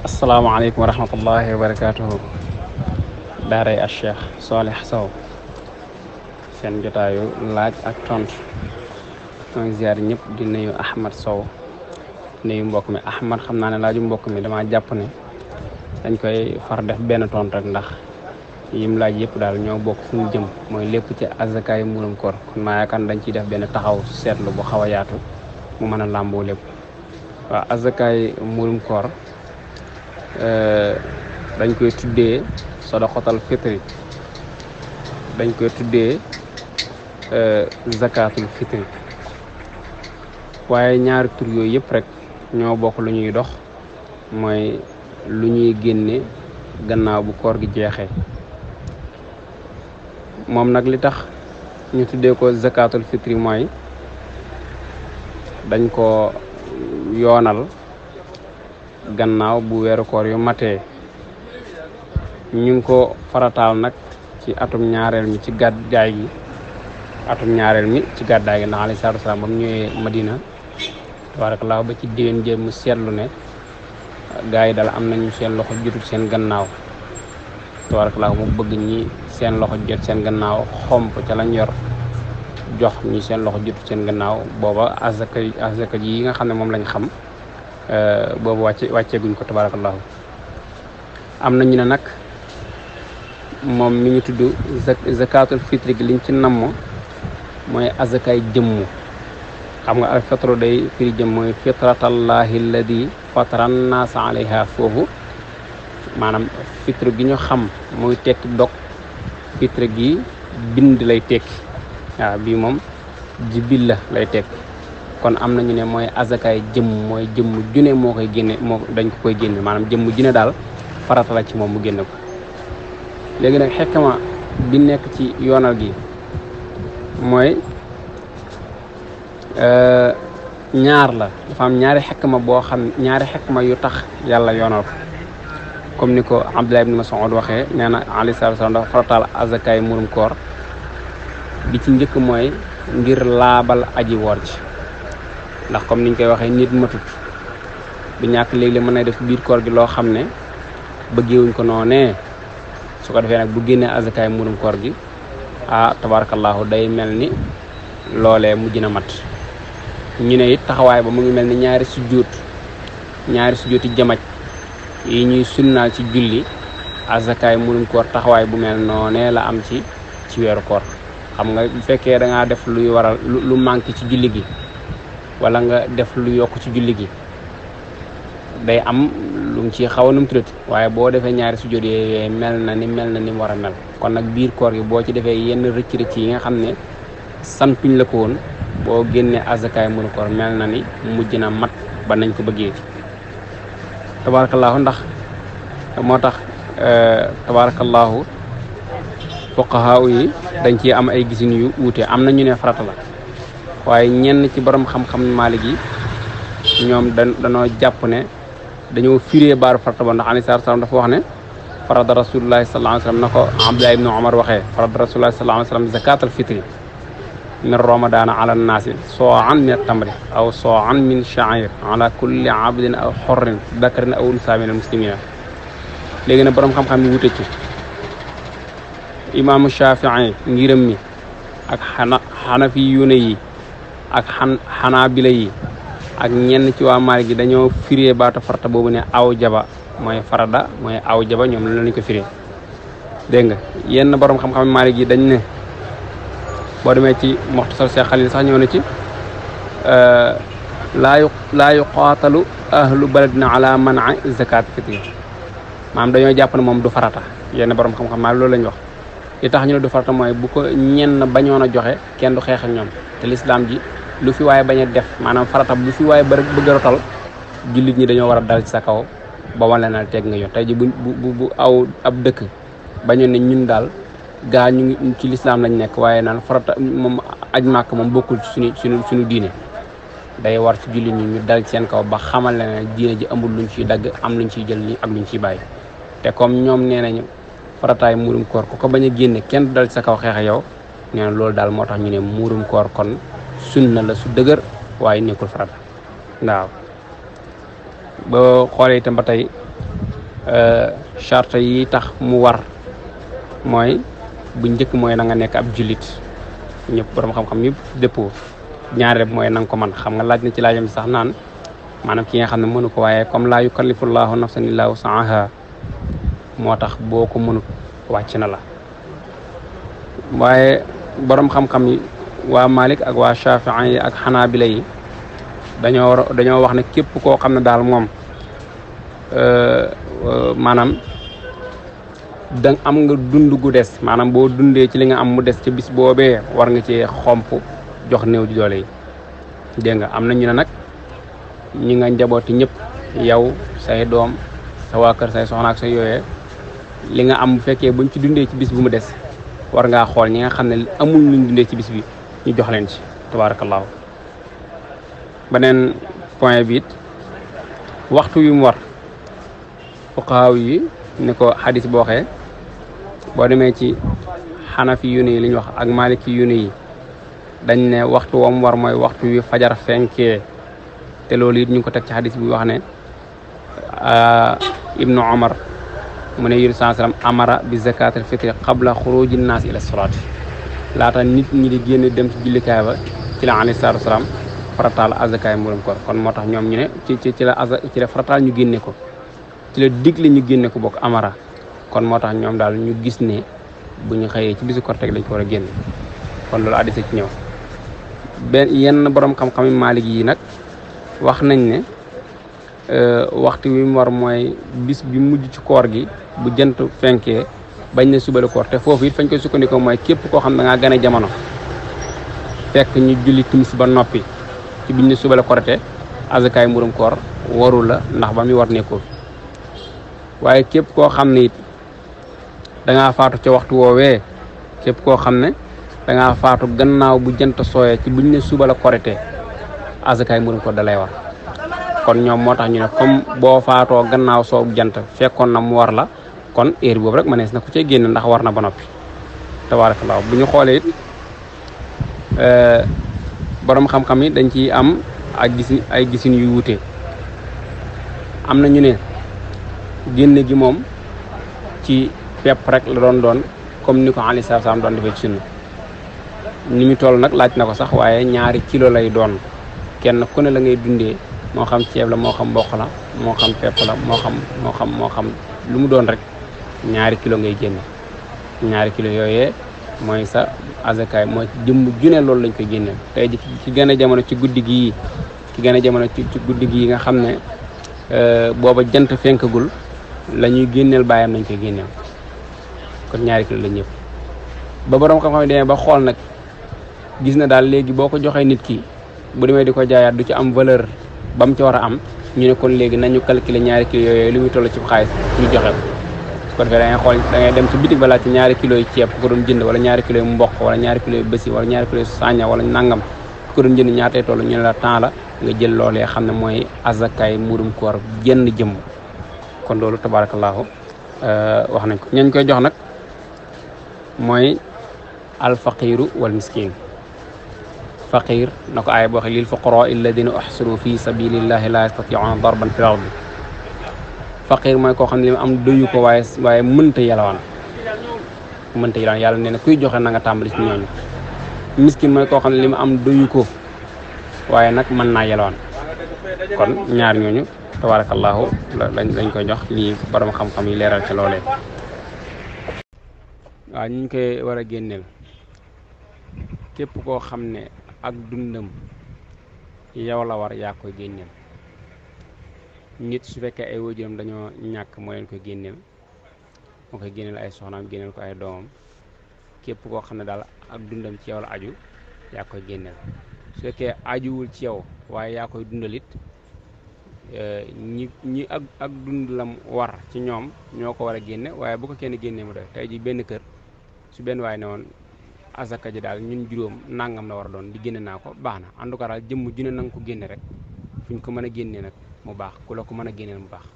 asalaamaaleykum wa rahmatullahi wa barakaatuhu daaray al cheikh Saliou Sow seen jotaayu laaj ak tontu ñoo ngi ziar ñëpp di nuyu Ahmad Sow nuyu mbokk mi Ahmad xam naa ne laaju mbokk mi dama jàpp ne dañ koy far def benn tontu rek ndax yim laaj yëpp daal ñoo bokk fu ñu jëm mooy lépp ci azakaay mburum koor kon maa yaakaar dañ ciy def benn taxaw seetlu bu xaw a yaatu mu mën a làmboo lépp waaw azakaay mburum koor Euh, dañ koy tuddee sadaxatal fitri dañ koy tuddee euh, zakatul fitri waaye ñaari tur yooyu yëpp rek ñoo bokk lu ñuy dox mooy lu ñuy génne gannaaw bu koor gi jeexee moom nag li tax ñu tuddee ko zakatul fitri mooy dañ ko yoonal gannaaw bu wéru koor yu matee ñu ko farataal nag ci atum ñaareel mi ci gàddaay gi atum ñaareel mi ci gàddaay gi ndax alayhi salaatu salaam ba mu ñëwee Madina tabaarakallaahu ba ci déwén jéem mu seetlu ne gaa yi dala am nañu seen loxo jotul seen gannaaw tabaarakallaahu mu bëgg ñi seen loxo jot seen gannaaw xomp ca lañ yor jox ñi seen loxo jotul seen gannaaw booba azaka azaka yi nga xam ne moom lañ xam Eh, boobu wàcce wàcceeguñ ko tabarakallahu am na ñu ne nag moom mi ñu tudd zakatul fitri gi liñ ci namm mooy azakaay jëmm xam nga al fitru day firi jëmm mooy fitratallahi alladi fatara nnaasa alayha foofu maanaam fitre gi ñu xam mooy tekki dog fitre gi bind lay tekki waaw bii moom jibil la lay tekki kon am na ñu ne mooy azakaay jëmm mooy jëmm june moo koy génne moo dañ ko koy génne maanaam jëmm june daal farata ci moom mu génne ko léegi nag xekkama bi nekk ci yoonal gi mooy euh, ñaar la dafa am ñaari xekkma boo xam ñaari xekkma yu tax yàlla yoonal ko comme ni ko Abdullah ibn Mas'ud waxee nee na alayhi salaatu salaam dafa farataal azakaay murum koor bi ci njëkk mooy ngir laabal aji woor ji ndax comme niñ koy waxee nit matut bi ñàkk léeg-léeg mën na def biir koor gi loo xam ne bëggeewuñ ko noonee su ko defee nag bu génnee azakaay murum koor gi ah tabarakallahu day mel ni loolee mujj na mat ñu ne it taxawaay ba mu ngi mel ni ñaari sujjuut ñaari sujjuuti jamaj yi ñuy sunnaal ci julli azakaay murum koor taxawaay bu mel noonee la am ci ci weeru koor xam nga bu fekkee da ngaa def luy waral lu manqué ci julli gi wala nga def lu yokk ci julli gi day am lu mu ci xaw a num tuddati waaye boo defee ñaari sujjóot yooyu mel na ni mel na ni mu war a mel kon nag biir koor gi boo ci defee yenn rëcc rëcc yi nga xam ne santuñ la ko woon boo génnee azakaay munu koor mel na ni mujj na mat ba nañ ko bëggee tabaarakallaahu ndax moo tax eh, tabaarakallaahu fuqahaa yi dañ ci am ay gisin yu wuute am na ñu ne farata la waaye ñenn ci borom xam-xam maalik yi ñoom da dañoo jàpp ne dañoo firee baaru farata ba ndax alayhi salaatu salaam dafa wax ne farada rasulullahi sallallahu alayhi wasallam na ko abdullah ibnu omar waxee farada rasulullahi sallallahu alayhi wasallam zakatal fitri min ramadana ala nnaasi soan min tamri aw soan min shair ala kulli abdin aw xorrin dakarin aw unsa min almuslimina léegi nag borom xam-xam yi wute ci imaamu shafii ngiram mi ak xana xanafi yu ne yi ak xan xanaabila yi ak ñenn ci waa Maalik gi dañoo firee baatu farata boobu ne aw jaba mooy farada mooy aw jaba ñoom lañu ko firee dégg nga yenn borom xam-xam Maalik yi dañ ne boo demee ci Muxtasar Seex Xalil sax ñëw na ci euh, laa yu laa yuqaatalu ahlu baladina ala mana zakat fitir maam dañoo jàpp ne moom du farata yenn borom xam maa loolu lañ wax li tax ñu ne du farata mooy bu ko ñenn bañoon joxe kenn du xeex ak ñoom te lislaam ji lu fi waye baña def manam farata bu fi waye bëgg rotal jullit ñi dañoo war dal ci sa kaw ba wan leen teg nga yoon tey ji bu bu bu aw ab dekk bañoon ne ñun dal ga ñu ci l'islam lañ nekk waye nan farata mom aj màkk moom bokkul ci suñu suñu suñu diine day war ci jullit ñi ñu dal ci seen kaw ba xamal leen diine ji amul luñ ci dag am luñ ci jël ak luñ ci bay te comme ñom nee nañu farataay murum koor ko ko baña a kenn dal ci sa kaw xeex yow nee na dal motax ñu ne murum koor kon sunna la su ini waye nekul farata waaw boo xolé itam batay euh charte yi tax mu war moy bu ñëk moy na nga nek ab julit ñëpp borom xam-xam yëpp depo ñaar rek moy nang ko man xam nga laaj na ci laajam sax naan manam ki nga xam ne mënu ko waye comme yukallifu yukallifullahu nafsan illa wus'aha motax boko mënu wacc na la waye borom xam-xam wa Malik ak wa Shafii ak hanabila yi dañoo dañoo wax ne képp koo xam ne daal moom euh, euh, maanaam da am nga dund gu des maanaam boo dundee ci li nga am mu des ca bis boobee war nga cee xomp jox néew ji doole yi dégg nga am na ñu ne nag ñi nga njabooti ñëpp yow say doom sa waa kër say soxna ak say yooyee li nga am bu fekkee buñ ci dundee ci bis bu mu des war ngaa xool ñi nga xam amul ñu dundee ci bis bi ñu jox leen ci tabaarakallaahu beneen point bi waxtu yu mu war fuqaaw yi ni ko xadis boo waxee boo demee ci xanafi yu ne yi li ñu wax ak maliki yu ne yi dañ ne waxtu wam war mooy waxtu wi fajar fenkee te loolu it ñu ko teg ci xadis bi wax ne ah, ibnu omar mu ne yuri saa sallam amara bi zakatil fitri qabla xuruji naas ila solaati laata nit ñi di génn dem ci jullikaay ba ci la alayhi salaatu wasalaam farataal azakaay mburum kon moo tax ñoom ñu ne ci ci ci la aza ci la farataal ñu génne ko ci la digle ñu génne ko bokk amara kon moo tax ñoom daal ñu gis ne bu ñu xëyee ci bisu korteg lañ ko war a génn kon loolu addis ci ñëw benn yenn boroom xam-xam yi maalik yi nag wax nañ ne euh, waxtu wi mu war mooy bis bi mujj ci koor gi bu jant fenkee bañ ne suba la koor te foofu it fañ koy sukkandikoo mooy képp koo xam da ngaa gën a ñu julli timis ba noppi ci biñ ne suba la korite azakaay murum koor la ndax ba muy war nekkul waaye képp koo xam ne it faatu ca waxtu woowee képp koo xam ne dangaa faatu gannaaw bu jant sooyee ci buñ ne suba la korite azakaay murum koor da war kon ñoom moo tax ñu ne comme boo faatoo gannaaw soo jant fekkoon na mu war la kon heure boobu rek mënees na ku cee génn ndax war na ba noppi tabaarakallaahu bu ñu xoolee it eh, borom xam-xam yi dañ ci am ak gisi ay gisin yu wuute am na ñu ne génn gi moom ci pepp rek la doon doon comme ni ko alayhi salaam doon defee ci sunna ni mu toll nag laaj na ko sax waaye ñaari kilo lay doon kenn ku ne la ngay dundee moo xam ceeb la moo xam mboq la moo moo xam moo xam moo xam lu mu doon rek ñaari kilo ngay génne ñaari kilo yooyee mooy sa azakaay mooy jëmm junne loolu lañ koy génneel tey ji ci gën jamono ci guddi gi ci gën jamono ci ci guddi gii nga xam ne euh, booba jant fenkagul lañuy génneel bàyyam nañ koy génneel kon ñaari kilo la yëpp ba borom xam-xam demee ba xool nag gis na daal léegi boo ko joxee nit ki bu demee di ko jaayaat du ci am valeur ba mu ci war a am ñu ne kon léegi nañu calculer ñaari kilo yooyu li muy toll ci xaalis ñu joxe ko defee da ngay xool da ngay dem ci bitig ba laaj ci ñaari kilos yi ceeb ku ko doon jënd wala ñaari kilos yu mboq wala ñaari kilos yu bési wala ñaari kilos yu sàñña wala nangam ku ko doon jënd ñaatay toll ñu ne la temps la nga jël loolee xam ne mooy azakaay murum koor génn jëmm kon loolu tabaarakallaahu euh, wax nañ ko ñañ koy jox nag mooy alfaqiru wal miskin faqir na ko aaya boo xe lil fuqaraa alladina uhsiru fi sabilillahi la yastatiuna darban fil ardi faqiir mooy koo xam ne li mu am doyu ko waaye waaye mënta yalwaan mënta yalwaan yàlla nee na kuy joxe nanga tàmbali ci ñooñu miskin mooy koo xam ne li mu am doyu ko waaye nag mën naa yalwaan kon ñaar ñooñu tabaarakallaahu lañ lañ koy jox lii borom xam-xam yi leeral ci loolee waa ñu ngi koy war a génneel képp koo xam ne ak dundam yow la war yaa koy génneel nit su fekkee ay waajuram dañoo ñàkk moo leen koy génneel moo koy génneel ay soxnaam génneel ko ay doomam képp koo xam ne daal ak dundam ci yow la aju yaa koy génneel su fekkee ajuwul ci yow waaye yaa koy dundalit eh, ñi ñi ak ak dund lam war ci ñoom ñoo ko war a génne waaye bu ko kenn génnee mu doy tey ji benn kër su benn waaye ne woon asaka ji daal ñun juróom nangam la war a doon di génne naa ko baax na en tout cas daal jëmm ju ne na nga ko génne rek fuñ ko mën a génnee nag mu baax ku la ko mën a génneel mu baax